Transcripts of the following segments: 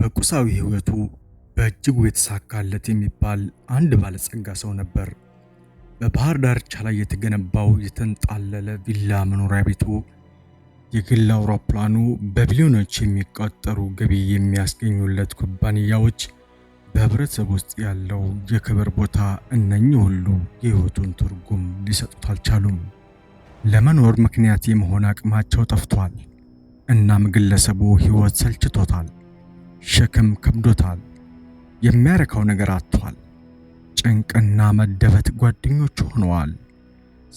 በቁሳዊ ሕይወቱ በእጅጉ የተሳካለት የሚባል አንድ ባለጸጋ ሰው ነበር። በባህር ዳርቻ ላይ የተገነባው የተንጣለለ ቪላ መኖሪያ ቤቱ፣ የግል አውሮፕላኑ፣ በቢሊዮኖች የሚቆጠሩ ገቢ የሚያስገኙለት ኩባንያዎች፣ በህብረተሰብ ውስጥ ያለው የክብር ቦታ፣ እነኚህ ሁሉ የሕይወቱን ትርጉም ሊሰጡት አልቻሉም። ለመኖር ምክንያት የመሆን አቅማቸው ጠፍቷል። እናም ግለሰቡ ሕይወት ሰልችቶታል። ሸክም ከብዶታል። የሚያረካው ነገር አጥቷል። ጭንቅና መደበት ጓደኞቹ ሆነዋል።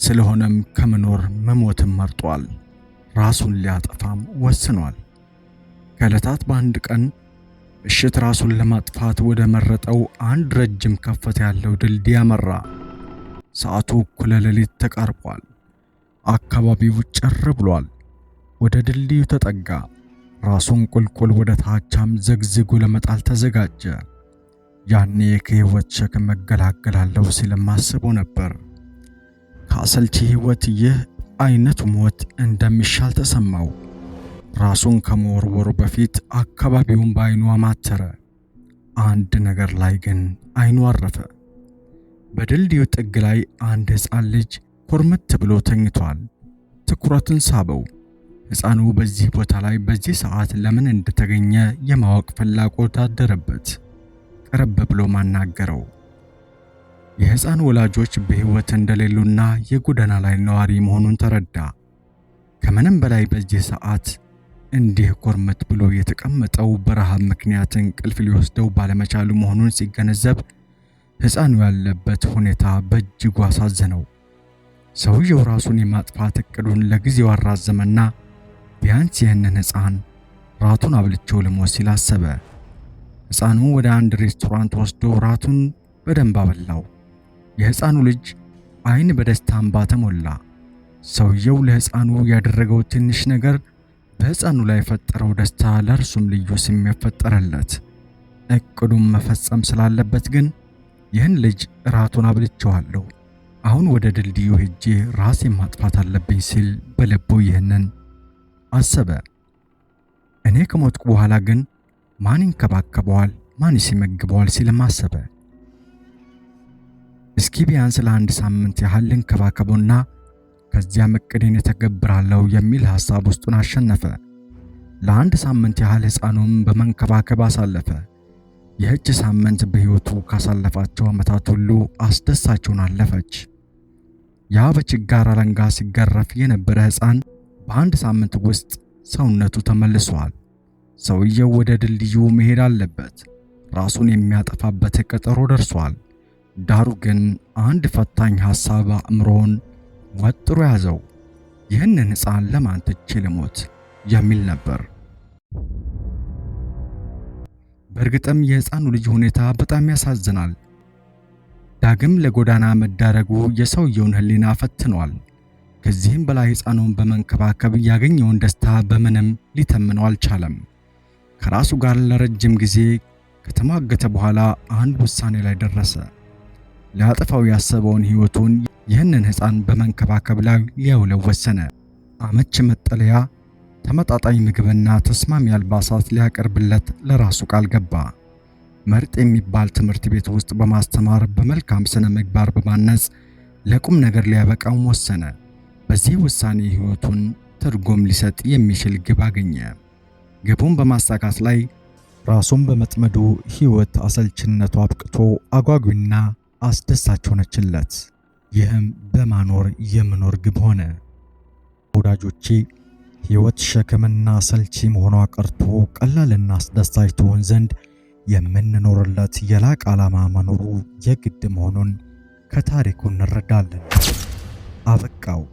ስለሆነም ከመኖር መሞትም መርጧል። ራሱን ሊያጠፋም ወስኗል። ከዕለታት በአንድ ቀን ምሽት ራሱን ለማጥፋት ወደ መረጠው አንድ ረጅም ከፍታ ያለው ድልድይ አመራ። ሰዓቱ እኩለ ሌሊት ተቃርቧል። አካባቢው ጭር ብሏል። ወደ ድልድዩ ተጠጋ። ራሱን ቁልቁል ወደ ታቻም ዘግዝጉ ለመጣል ተዘጋጀ። ያኔ ከህይወት ሸክም መገላገላለሁ ሲልም አስቦ ነበር። ከአሰልቺ ህይወት ይህ አይነት ሞት እንደሚሻል ተሰማው። ራሱን ከመወርወሩ በፊት አካባቢውን በአይኑ አማተረ። አንድ ነገር ላይ ግን አይኑ አረፈ። በድልድዩ ጥግ ላይ አንድ ሕፃን ልጅ ኩርምት ብሎ ተኝቷል። ትኩረትን ሳበው። ሕፃኑ በዚህ ቦታ ላይ በዚህ ሰዓት ለምን እንደተገኘ የማወቅ ፍላጎት አደረበት። ቀረብ ብሎ ማናገረው። የህፃኑ ወላጆች በሕይወት እንደሌሉና የጎዳና ላይ ነዋሪ መሆኑን ተረዳ። ከምንም በላይ በዚህ ሰዓት እንዲህ ኮርመት ብሎ የተቀመጠው በረሃብ ምክንያት እንቅልፍ ሊወስደው ባለመቻሉ መሆኑን ሲገነዘብ ሕፃኑ ያለበት ሁኔታ በእጅጉ አሳዘነው። ሰውየው ራሱን የማጥፋት እቅዱን ለጊዜው አራዘመና ቢያንስ ይህንን ሕፃን ራቱን አብልቼው ልሞት ሲል አሰበ። ሕፃኑ ወደ አንድ ሬስቶራንት ወስዶ ራቱን በደንብ አበላው። የሕፃኑ ልጅ አይን በደስታ እንባ ተሞላ። ሰውየው ለሕፃኑ ያደረገው ትንሽ ነገር በሕፃኑ ላይ የፈጠረው ደስታ ለእርሱም ልዩ ስም የፈጠረለት። እቅዱን መፈጸም ስላለበት ግን ይህን ልጅ ራቱን አብልቼዋለሁ፣ አሁን ወደ ድልድዩ ሄጄ ራሴን ማጥፋት አለብኝ ሲል በልቡ ይህንን አሰበ። እኔ ከሞትኩ በኋላ ግን ማን ይንከባከበዋል? ማንስ ይመግበዋል? ሲልም አሰበ። እስኪ ቢያንስ ለአንድ ሳምንት ያህል ልንከባከበውና ከዚያም እቅዴን እተገብራለሁ የሚል ሐሳብ ውስጡን አሸነፈ። ለአንድ ሳምንት ያህል ሕፃኑም በመንከባከብ አሳለፈ። ይህች ሳምንት በሕይወቱ ካሳለፋቸው ዓመታት ሁሉ አስደሳችውን አለፈች። ያ በችጋር አለንጋ ሲገረፍ የነበረ ሕፃን በአንድ ሳምንት ውስጥ ሰውነቱ ተመልሷል። ሰውየው ወደ ድልድዩ መሄድ አለበት። ራሱን የሚያጠፋበት ቀጠሮ ደርሷል። ዳሩ ግን አንድ ፈታኝ ሐሳብ አእምሮውን ወጥሮ ያዘው። ይህንን ሕፃን ለማን ትቼ ልሞት የሚል ነበር። በእርግጥም የሕፃኑ ልጅ ሁኔታ በጣም ያሳዝናል። ዳግም ለጎዳና መዳረጉ የሰውየውን ሕሊና ፈትኗል። ከዚህም በላይ ሕፃኑን በመንከባከብ ያገኘውን ደስታ በምንም ሊተምነው አልቻለም። ከራሱ ጋር ለረጅም ጊዜ ከተሟገተ በኋላ አንድ ውሳኔ ላይ ደረሰ። ሊያጠፋው ያሰበውን ሕይወቱን ይህንን ሕፃን በመንከባከብ ላይ ሊያውለው ወሰነ። አመች መጠለያ፣ ተመጣጣኝ ምግብና ተስማሚ አልባሳት ሊያቀርብለት ለራሱ ቃል ገባ። መርጥ የሚባል ትምህርት ቤት ውስጥ በማስተማር በመልካም ስነ ምግባር በማነጽ ለቁም ነገር ሊያበቃም ወሰነ። በዚህ ውሳኔ ሕይወቱን ትርጉም ሊሰጥ የሚችል ግብ አገኘ። ግቡን በማሳካት ላይ ራሱን በመጥመዱ ሕይወት አሰልችነቱ አብቅቶ አጓጊና አስደሳች ሆነችለት። ይህም በማኖር የምኖር ግብ ሆነ። ወዳጆቼ ሕይወት ሸክምና ሰልቺ መሆኗ ቀርቶ ቀላልና አስደሳች ትሆን ዘንድ የምንኖርለት የላቅ ዓላማ መኖሩ የግድ መሆኑን ከታሪኩ እንረዳለን። አበቃው።